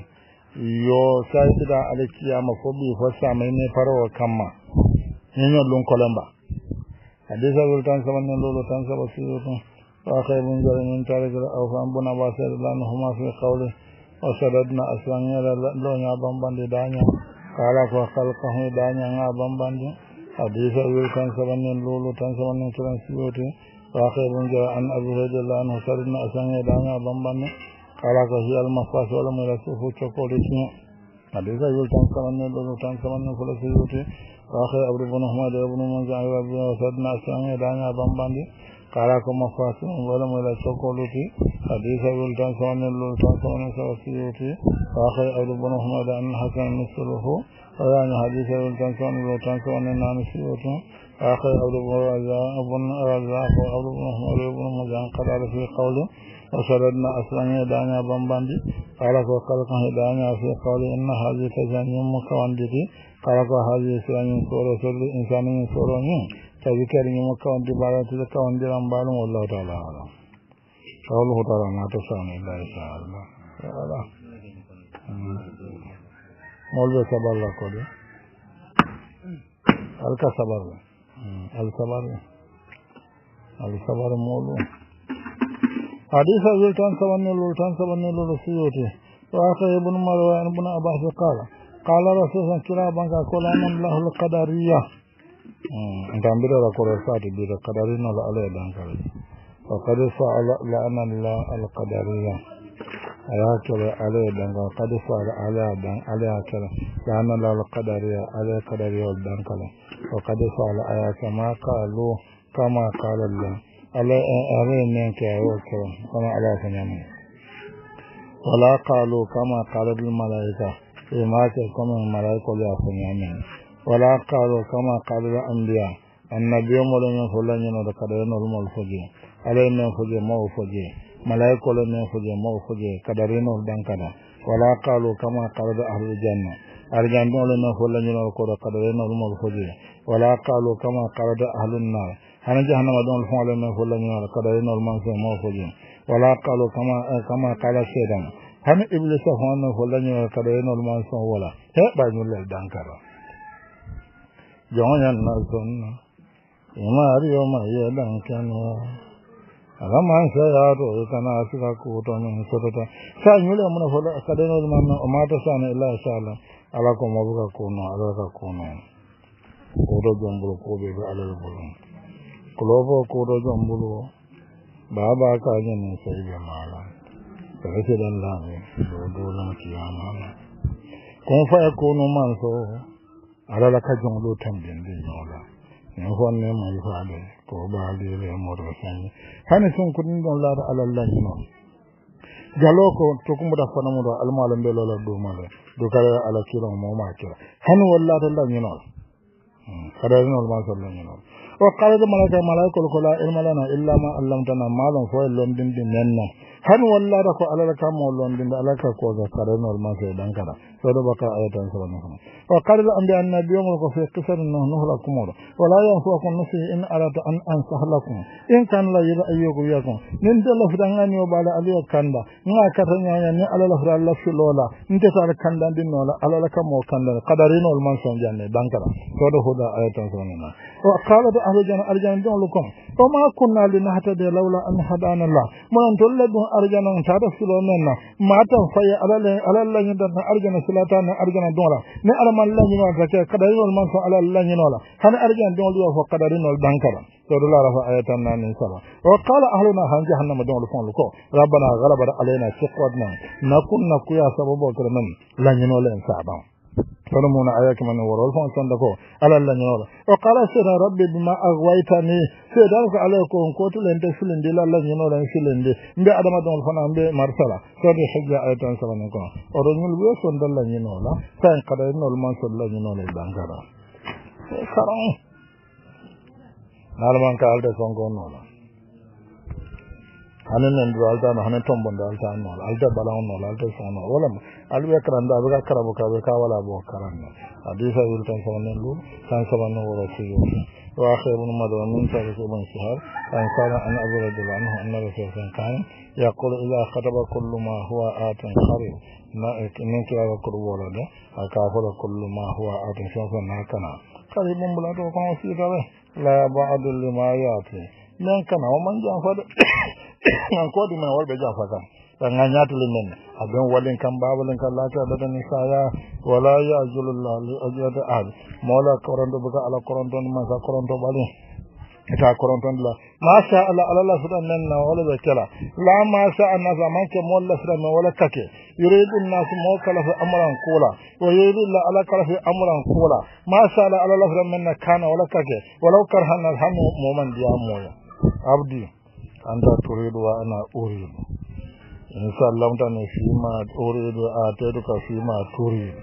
yo sa ibida alkiyama fo bi fo sama ini faro o kamma ñiñol ɗum kolemba hadisagol tan sabanin lolo tan sama siwo tan wa kay bum jare min tarigel aw fa an bona wasede lanhuma fi qawle wa sadadna aslamiyala ɗo ña bambandi daña kala ko kalkahi daña ga bambandi hadisa wil tan sabanin lulu tan sabanin tran siyoti wa khairun ja an abi hajjal an sadadna aslamiya daña bambandi kala ko hiyal mafas wala mu rasu fu chocolate ni hadisa wil tan sabanin lulu tan sabanin tran siyoti wa khair abdu ibn ahmad ibn manzi ayyab wa sadadna aslamiya daña bambandi کالا کما فاس مغل ملا چوکو لوٹھی حدیث ابو الٹان سوانے لول سان سوانے سوستی لوٹھی آخر ابو بن احمد ان حسن مصر ہو اور ان حدیث ابو الٹان سوانے لول سان سوانے نام سی لوٹھی آخر ابو بن رضا ابو بن رضا ہو ابو بن احمد ابو بن مزان قرار فی قول وصردنا اسلامی دانیا بن باندی کالا کو قلقا دانیا فی قول ان تذكر يومك وانت بارا تذكر وانت رمبال والله تعالى أعلم قوله تعالى ما تسامي الله يسعى الله يا الله مولوي صبر الله كله ألك صبر الصبر الصبر مولو حديث الولتان سبن الولتان سبن الولسيوتي وآخر ابن مروان ابن أباس قال قال رسول الله كلا بانك كلا من له القدريه ndambirora koro sati biro kadarino la ala dankare wa qad sa'ala la'ana la al-qadariyya ayakele ala dankare qad sa'ala ala dan ala yakele la'ana la al-qadariyya ala qadariyya dankare wa qad sa'ala ayaka ma qalu kama qala Allah ala ala nenke ayoke kama ala sanyamu wala qalu kama qala al-malaika imate kama malaika ya sanyamu ولا قالوا كما قال الأنبياء النبي مولين فلان ينو كدرين المول فجي علي من فجي مو فجي ملائكة من فجي مو فجي كدرين الدن كدا ولا قالوا كما قال أهل الجنة الجنة مولين فلان ينو كدرين المول فجي ولا قالوا كما قال أهل النار hana jahannama ɗon hoole men fulla ñoola kada renol man fe mawfoje wala qalo kama kama kala seedama hana iblisa hoon men fulla ñoola kada renol man son wola heɓa ñullel onye ịmarama ye l ke agamụ ya aụ ụta na a kare a ak sa na ele asaala alakụụlụbụụ aa a kowa ya kụnụ ma ke hụ ala la ka jɔnkolo tanbilendi ɲɔgɔn la nin fɔ ne ma i fale ko b'ale le mɔdɔ sanni hali sun kudin dɔn la ala laɲinɔ jalo ko tokumbuda fanamudo almalam be lola domale do kala ala kiran mo ma kira hani walla to la nyinol kada nyinol ma so la nyinol o kala de malaka malaikol ko la ilma lana illa ma allamtana malam fo lon din din nenna hani walla da ko ala ka mo lon din ala ka ko ga kada nyinol ma so dan فلو بقى آية سبع نخمة وقال لهم بأن اليوم في قصر أنه نهلكم ولا ينفعكم نفسي إن أردت أن أنصح لكم إن كان لا يرى أيكم يكم من دل فرنان يوبال علي كندا ما كتن نعم يعني على لفر الله في لولا انت تعالى كندا دين ولا على لك مو كندا قدرين والمنصن جاني دانكرا فلو هذا آية سبع نخمة وقالت أهل جنة أرجان دون لكم وما كنا لنهتدي لولا أن هدانا الله من تولد أرجان تعرف لنا ما تنفي على الله أرجان silata na arjana don la ne araman la nyino ta ke kadari wal man so ala la nyino la han arjana don liwa fo kadari nol dankara to do la rafa ayatan nan ni sala wa qala ahluna han jahannama don lufon ko rabbana ghalaba alaina shiqwadna nakunna kuya sababu kalaman la nyino len saban solomona ayaki man woro wol fon sonda ko alal lañola o kala sena rabbi bima agwaytani seedan ko alay ko on kotulente silindi lalla ñinolen silindi mbe adama dongol fana mbe marsala sode hijja ay tan sabani ko oɗo ñul wiyo sonda lañinola sain kadayinol man son lañinola e ɓankara karan nalaman ka alde sonko nola hanan nan do alta no hanan tombon do alta no alta balawon no alta sano wala al be karanda be karabo ka be ka wala bo karanda hadisa wil tan so nan lu tan so nan wala ci yo wa akhirun madwa min ta ke ban sahar an kana an abu radhiyallahu anhu anna rasulullah kana yaqulu ila khataba kullu ma huwa atan kharib na min ki ala kurbo wala da aka hola kullu ma huwa atan so na kana kare mun bula to kan wasu ta la ba'd lima yati nan kana wa man jan fa an kodi mana warbe ja jafaka dan an ya tulun nan abin walin kan babulin kan lafiya da dan saya wala ya azulullah li ajata al mola koronto buka ala koronto ma sa koronto bali ita koronto la ma sha Allah Allah sudan nan na wala da kala la ma sha Allah zaman ke mola sura na wala kake yuridu nas mo kala fi amran kula wa yuridu la ala kala fi amran kula ma sha Allah Allah sudan nan kana wala kake walau karhan alhamu mu'min diya moya abdi An ta turidu wa ana uridu in sallamtani fima uridu ataytuka fima turidu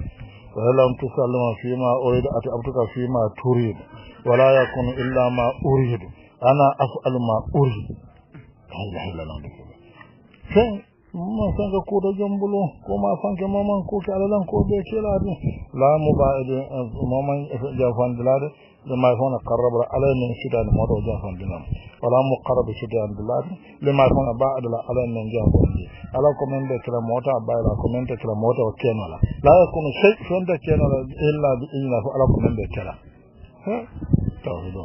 wa lam tusallima fima uridu ata'tuka ma turidu wala yakunu illa ma uridu ana af'alu ma uridu la ilaha illa allah sai mun san ga ko da jambulo ko ma san ga maman ko ka alalan ko be ke la la mu ba da eh, maman eh, ja fan da لما يكون قرب على من شدة الموضوع جافا بنام ولا مقرب شدة عبد الله لما يكون بعد لا على من جافا على كمن كلا موتا بايلا كمن كلا موتا وكينا لا لا يكون شيء فين ذكرنا إلا بإذن على كلا ها توحيد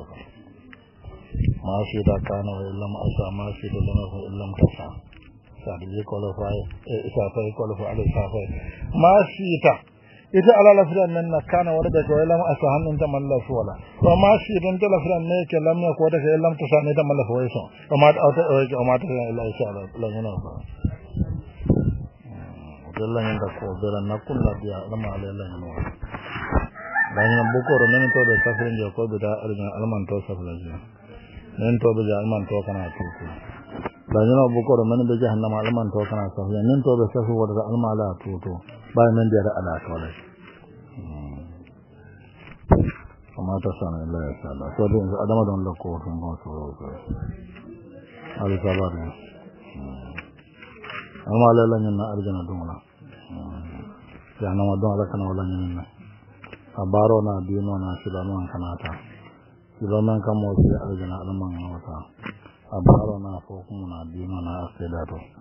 ما في ذا كان وإلا ما أسا ما في ذا لنا وإلا ما تفعل سابقا يقول فاي سافا يقول فاي سافا ما في ذا ita ala lafiran nan na kana wani daga wai lam asa hannun ta mallafa wala wa ma shi don ta lafiran ne yake lam ya ko daga ya lam ta sani ta mallafa wai son wa ma ta auta wai wa ma ta san illa insha Allah lan yana ba dallan yin da ko bera na kullu biya lama alayla yana wa dan nan buko ro nan to da safirin da ko bida alman alman to safirin ne nan to bida alman to kana tuku dan nan buko ro nan da jahannama alman to kana safirin nan to da safirin da alman la tuto bayan nan da ya ra'a na kawai amma ta sami Allah ya sada ko da yanzu adama da wanda kowacin ba su roƙa alisa ba da yanzu amma lalan yana arjana dumula ya na ma don alaka na wala yana a baro na biyu na shida man kanata shida man kan motsi arjana alman wata a baro na ko kuma na biyu na asidato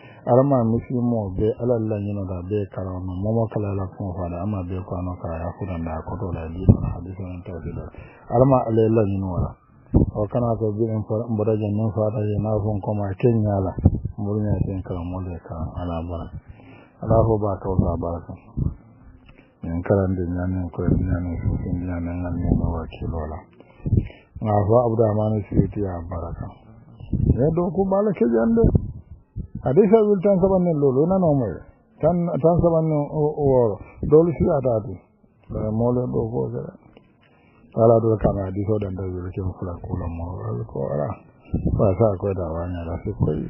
alama misi mo be alalla nyino da be kala no momo kala la fala ama be ko no kala ya ko da ko to la di na hadisi on tawhid alama alalla nyino wala o kana ko bi en for mboda je non fa da na fon ko ma la ten kala ka ala bara ala ba to za en kala ko kilola abdurrahman ya baraka ne do Adesha wil tan sabanne lolo na normal. Tan tan sabanne woro. Dole shi atatu. Mole do ko gara. Ala do kana di so dan da wil ke mu kula kula mo al ko ara. Ba sa ko da wa nya da su koyi.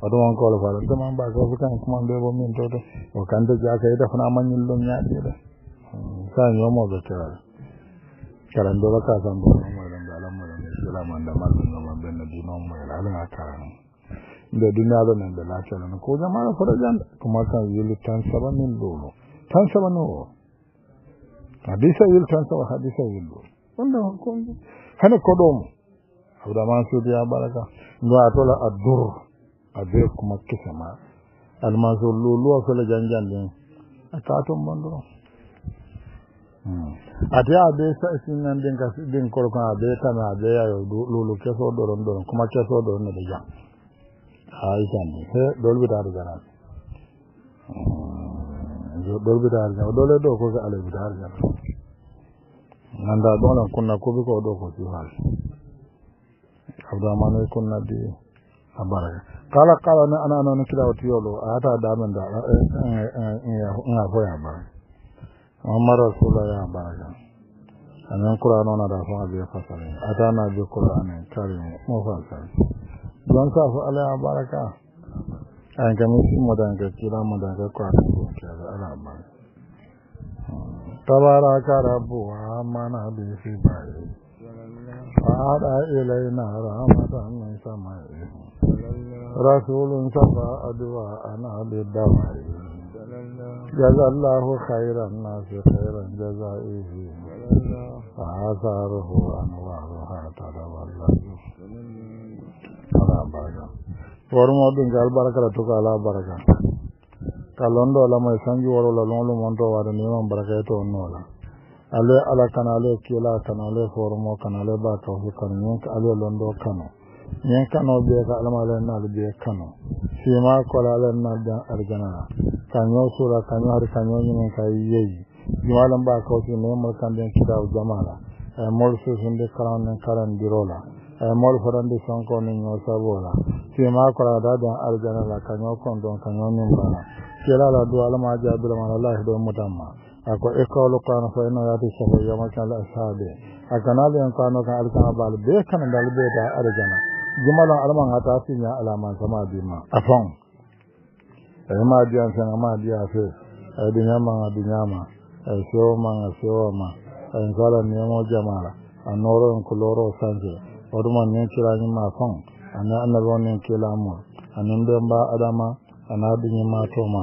Ado an ko fa da man ba ko kan kuma be bo min to to. O kan da ja kai da fana man yin lon ya de da. Ka nyo mo da tara. Karan do ka san bo mo da da lamu da salaman da mallan ma ben da dinon mo da ala ka. da dunia nan da lafiya nan ko zama da farajan kuma kan yili tan saba min dolo tan saba no hadisa yili tan saba hadisa yili dolo wanda kun hana kodom abdurrahman sudi ya baraka ndo atola adur abe kuma kisama almazo lulu fele janjan den akaton bondo ate abe sinan den ka den korko abe tan abe ayo lulu keso doron doron kuma keso doron da jam sai dolbi da arjana dolbi da arjana dole do ko ala bi da arjana nanda dole kunna ko bi ko do ko ti hal abdurrahman kunna di abaraka kala kala na ana ana kila wati yolo ata da man da ina ko ya baraka amma rasulullah ya baraka anan qur'ano na da fa bi fasare ata na bi qur'ani kare mu don sa su ala baraka a kami shi madangar kira madangar kwanan goke da ala baraka tabaraka rabuwa mana bi fi baye fada ilaina rahmatan min samai rasulun saba adwa ana bi dawai jazallahu khairan nasi khairan jazaihi fa asaruhu anwaruha tadawallahu ala baraka warumo ɗum ko albarakala toko ala baraka ka londo lama e sanji warola longlu monto wade niman baraka e to onnola ale ala kana ale kila kana ale forumo kana ale ba kawhi kano ñin ale londo kano ñin kano ɓe ka alama ale naali ɓe kano sima kola ale naali jan arjanala kaño sura kaño hari kaño ñinin ka yeyi jumalan ba kawti nemol kamɓen kitabu jamala e mol susinde kalan nen kalandirola mol horande sonko ni ñoo sabola fima kola dadan aljana la kañoo kondon kañoo nimbala kelala du alama jabilamala lahi do mutamma ako ikawlu qur'ana kan be da arjana jumalan alman hata sinya alaman sama bima afon e ma dian sana ma dia fe e dinyama dinyama e ma ma waruma nin kira ni ma fon ana annabo nin kila mu anin ben ba adama ana dunyi ma to ma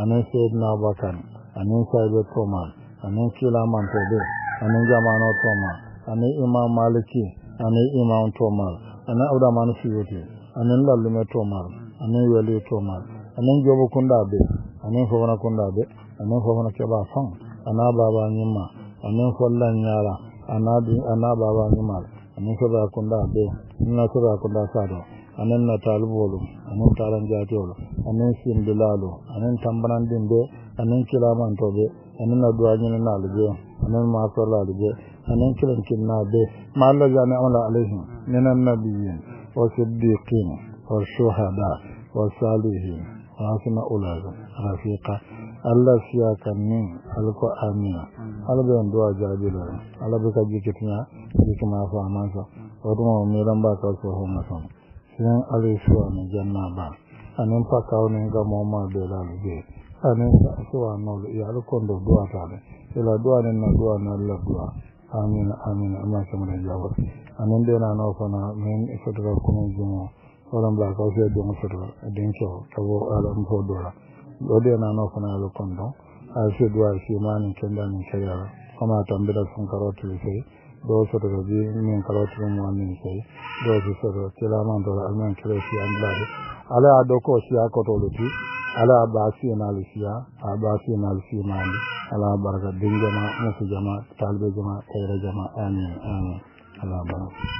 anin sayyidina abubakar anin sayyidina to ma anin kila man to be anin jama'ano to ma anin imam maliki anin imam to ma anin abdurrahman suyuti anin lallume to ma anin wali to ma anin jobo kunda be anin fofana kunda be anin fofana keba fon ana baba ma anin follan yara ana ana baba nyima anin soɓa kunda ɓe anna soɓa kunda saɗo anin natalubolu anin taran jatiyolu anin sindilalu anin tambanandin ɓe anin kilamantoɓe anin alge ɓe anin masorlalu ɓe anin kilankinnaɓe ma allah jani amala alayhim min annabiyin wa siddiqin wa shuhada wa salihin wa hasuna ulaga rafiqa allah siya kan min alko amina ala ɓe on duwa jaabilo hikima fa mansa wato ma mai ran ba ka so ho masa sin ale suwa na janna ba anin fa ka ga mo ma la sa no ya al kondo duwa ta ne na na la amin amin amma na no fa na min ba ka so na no fa na al kondo a shi duwa shi ma ni kenda ni shari'a kuma tambira sun sai do soto to bi min kala to mo annin sey do bi soto kilaman do alman kala fi andade ala ado ko siya ala basi na lusiya a basi na lusi mali ala baraka din musu jama talbe jama kayra jama amin amin ala baraka